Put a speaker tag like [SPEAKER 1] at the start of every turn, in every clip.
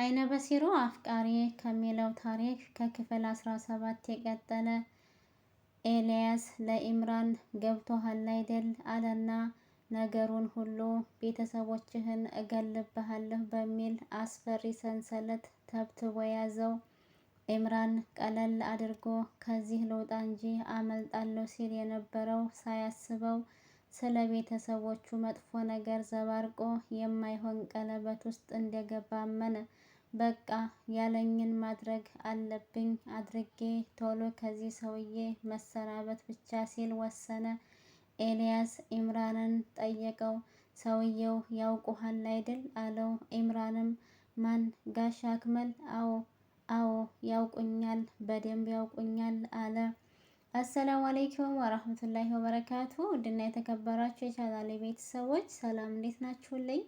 [SPEAKER 1] አይነ በሲሮ አፍቃሪ ከሚለው ታሪክ ከክፍል 17 የቀጠለ። ኤልያስ ለኢምራን ገብቶሃል አይደል አለና ነገሩን ሁሉ ቤተሰቦችህን እገልብሃለሁ በሚል አስፈሪ ሰንሰለት ተብትቦ ያዘው። ኢምራን ቀለል አድርጎ ከዚህ ልውጣ እንጂ አመልጣለሁ ሲል የነበረው ሳያስበው ስለ ቤተሰቦቹ መጥፎ ነገር ዘባርቆ የማይሆን ቀለበት ውስጥ እንደገባ አመነ። በቃ ያለኝን ማድረግ አለብኝ አድርጌ ቶሎ ከዚህ ሰውዬ መሰናበት ብቻ ሲል ወሰነ። ኤልያስ ኢምራንን ጠየቀው። ሰውየው ያውቁሃል አይደል አለው። ኢምራንም ማን ጋሽ አክመል? አዎ አዎ ያውቁኛል፣ በደንብ ያውቁኛል አለ። አሰላሙ አለይኩም ወራህመቱላሂ ወበረካቱ። ውድና የተከበራችሁ የቻናሌ ቤተሰቦች ሰላም፣ እንዴት ናችሁልኝ?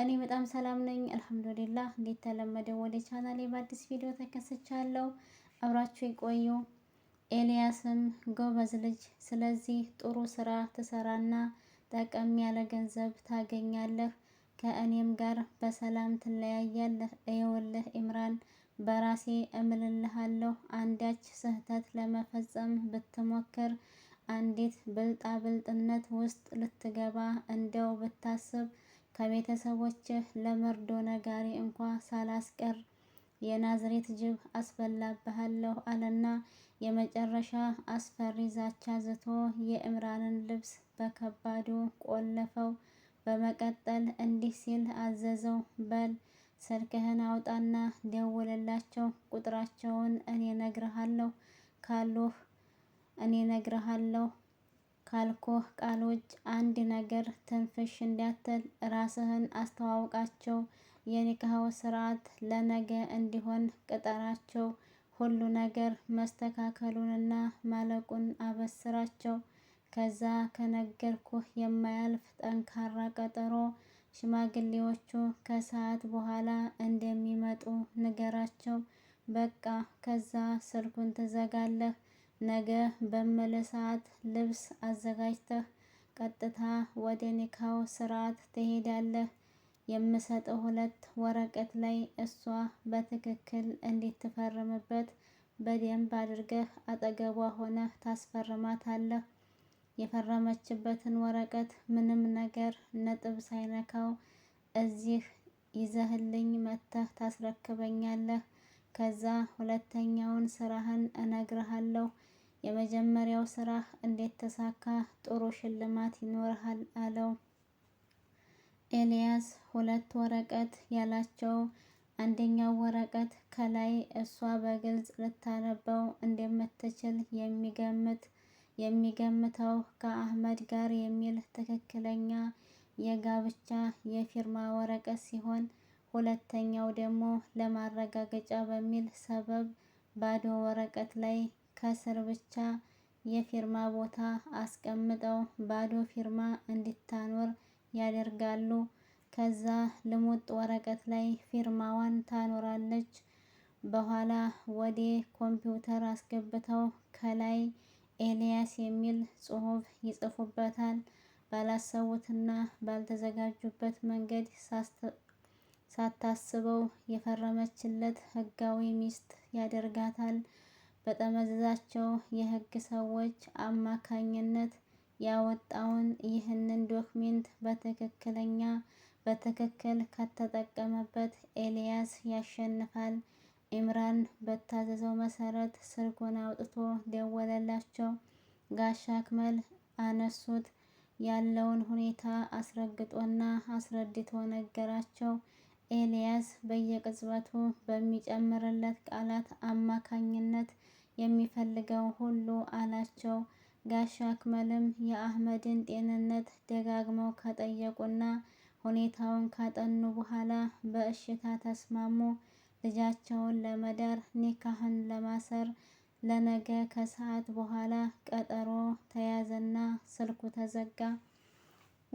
[SPEAKER 1] እኔ በጣም ሰላም ነኝ አልሐምዱሊላህ። እንደተለመደው ወደ ቻናሌ በአዲስ ቪዲዮ ተከስቻለሁ። አብራችሁ የቆዩ። ኤልያስም ጎበዝ ልጅ፣ ስለዚህ ጥሩ ስራ ትሰራና ጠቀም ያለ ገንዘብ ታገኛለህ፣ ከእኔም ጋር በሰላም ትለያያለህ። እየውልህ ኢምራን፣ በራሴ እምልልሃለሁ አንዳች ስህተት ለመፈጸም ብትሞክር አንዲት ብልጣ ብልጥነት ውስጥ ልትገባ እንደው ብታስብ ከቤተሰቦችህ ለመርዶ ነጋሪ እንኳ ሳላስቀር የናዝሬት ጅብ አስበላብሃለሁ አለና የመጨረሻ አስፈሪ ዛቻ ዝቶ የእምራንን ልብስ በከባዱ ቆለፈው። በመቀጠል እንዲህ ሲል አዘዘው፣ በል ስልክህን አውጣና ደውልላቸው፣ ቁጥራቸውን እኔ ነግርሃለሁ ካሉህ እኔ ነግርሃለሁ ካልኮህ ቃሎች አንድ ነገር ትንፍሽ እንዲያትል ራስህን አስተዋውቃቸው። የኒካህ ስርዓት ለነገ እንዲሆን ቅጠራቸው። ሁሉ ነገር መስተካከሉንና ማለቁን አበስራቸው። ከዛ ከነገርኩህ የማያልፍ ጠንካራ ቀጠሮ ሽማግሌዎቹ ከሰዓት በኋላ እንደሚመጡ ንገራቸው። በቃ ከዛ ስልኩን ትዘጋለህ ነገ በመለሳት ልብስ አዘጋጅተህ ቀጥታ ወደ ኒካው ስርዓት ትሄዳለህ። የምሰጠው ሁለት ወረቀት ላይ እሷ በትክክል እንድትፈርምበት በደንብ አድርገህ አጠገቧ ሆነህ ታስፈርማታለህ። የፈረመችበትን ወረቀት ምንም ነገር ነጥብ ሳይነካው እዚህ ይዘህልኝ መጥተህ ታስረክበኛለህ። ከዛ ሁለተኛውን ስራህን እነግርሃለሁ የመጀመሪያው ስራህ እንዴት ተሳካ? ጥሩ ሽልማት ይኖርሃል አለው። ኤልያስ ሁለት ወረቀት ያላቸው፣ አንደኛው ወረቀት ከላይ እሷ በግልጽ ልታነበው እንደምትችል የሚገምት የሚገምተው ከአህመድ ጋር የሚል ትክክለኛ የጋብቻ የፊርማ ወረቀት ሲሆን ሁለተኛው ደግሞ ለማረጋገጫ በሚል ሰበብ ባዶ ወረቀት ላይ ከስር ብቻ የፊርማ ቦታ አስቀምጠው ባዶ ፊርማ እንዲታኖር ያደርጋሉ። ከዛ ልሙጥ ወረቀት ላይ ፊርማዋን ታኖራለች። በኋላ ወደ ኮምፒውተር አስገብተው ከላይ ኤልያስ የሚል ጽሁፍ ይጽፉበታል። ባላሰቡትና ባልተዘጋጁበት መንገድ ሳታስበው የፈረመችለት ህጋዊ ሚስት ያደርጋታል። በጠመዘዛቸው የህግ ሰዎች አማካኝነት ያወጣውን ይህንን ዶክሜንት በትክክለኛ በትክክል ከተጠቀመበት ኤልያስ ያሸንፋል። ኢምራን በታዘዘው መሰረት ስልኩን አውጥቶ ደወለላቸው። ጋሻ አክመል አነሱት። ያለውን ሁኔታ አስረግጦና አስረድቶ ነገራቸው። ኤልያስ በየቅጽበቱ በሚጨምርለት ቃላት አማካኝነት የሚፈልገው ሁሉ አላቸው። ጋሻ አክመልም የአህመድን ጤንነት ደጋግመው ከጠየቁና ሁኔታውን ካጠኑ በኋላ በእሽታ ተስማሙ። ልጃቸውን ለመዳር ኒካህን ለማሰር ለነገ ከሰዓት በኋላ ቀጠሮ ተያዘና ስልኩ ተዘጋ።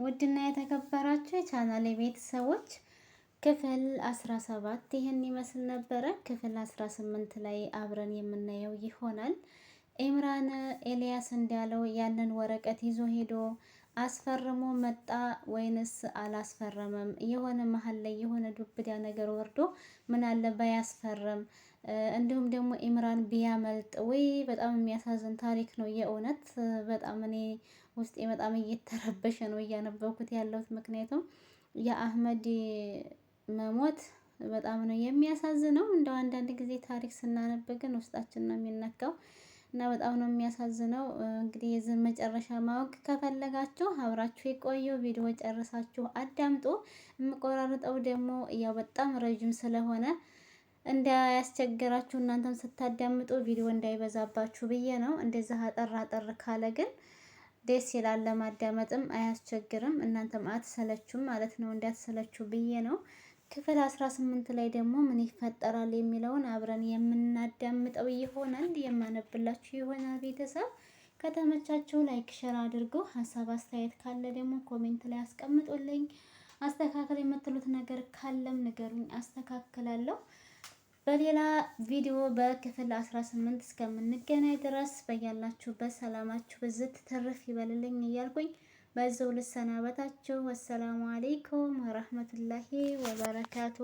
[SPEAKER 1] ውድና የተከበራችሁ የቻናሌ ቤተሰቦች ክፍል 17 ይህን ይመስል ነበረ። ክፍል 18 ላይ አብረን የምናየው ይሆናል። ኢምራን ኤልያስ እንዳለው ያንን ወረቀት ይዞ ሄዶ አስፈርሞ መጣ ወይንስ አላስፈረመም? የሆነ መሀል ላይ የሆነ ዱብዳ ነገር ወርዶ ምን አለ ባያስፈርም፣ እንዲሁም ደግሞ ኢምራን ቢያመልጥ ወይ በጣም የሚያሳዝን ታሪክ ነው። የእውነት በጣም እኔ ውስጤ በጣም እየተረበሸ ነው እያነበብኩት ያለሁት ምክንያቱም የአህመድ መሞት በጣም ነው የሚያሳዝነው። እንደው አንዳንድ ጊዜ ታሪክ ስናነብ ግን ውስጣችን ነው የሚነካው እና በጣም ነው የሚያሳዝነው። እንግዲህ የዚህን መጨረሻ ማወቅ ከፈለጋችሁ አብራችሁ የቆዩ ቪዲዮ ጨርሳችሁ አዳምጡ። የምቆራርጠው ደግሞ ያው በጣም ረዥም ስለሆነ እንዳያስቸግራችሁ እናንተም ስታዳምጡ ቪዲዮ እንዳይበዛባችሁ ብዬ ነው። እንደዛ አጠር አጠር ካለ ግን ደስ ይላል ለማዳመጥም አያስቸግርም። እናንተም አትሰለችሁም ማለት ነው፣ እንዳትሰለችሁ ብዬ ነው። ክፍል አስራ ላይ ደግሞ ምን ይፈጠራል የሚለውን አብረን የምናዳምጠው ይሆናል የማነብላችሁ ይሆናል። ቤተሰብ ከተመቻችሁ ላይክ፣ ሸር አድርገው ሀሳብ አስተያየት ካለ ደግሞ ኮሜንት ላይ አስቀምጡልኝ። አስተካከል የምትሉት ነገር ካለም ንገሩኝ፣ አስተካክላለሁ። በሌላ ቪዲዮ በክፍል 18 እስከምንገናኝ ድረስ በያላችሁበት ሰላማችሁ ብዝት ትርፍ ይበልልኝ እያልኩኝ በዛው ልሰናበታችሁ። ወሰላሙ አሌይኩም ወረህመቱላሂ ወበረካቱ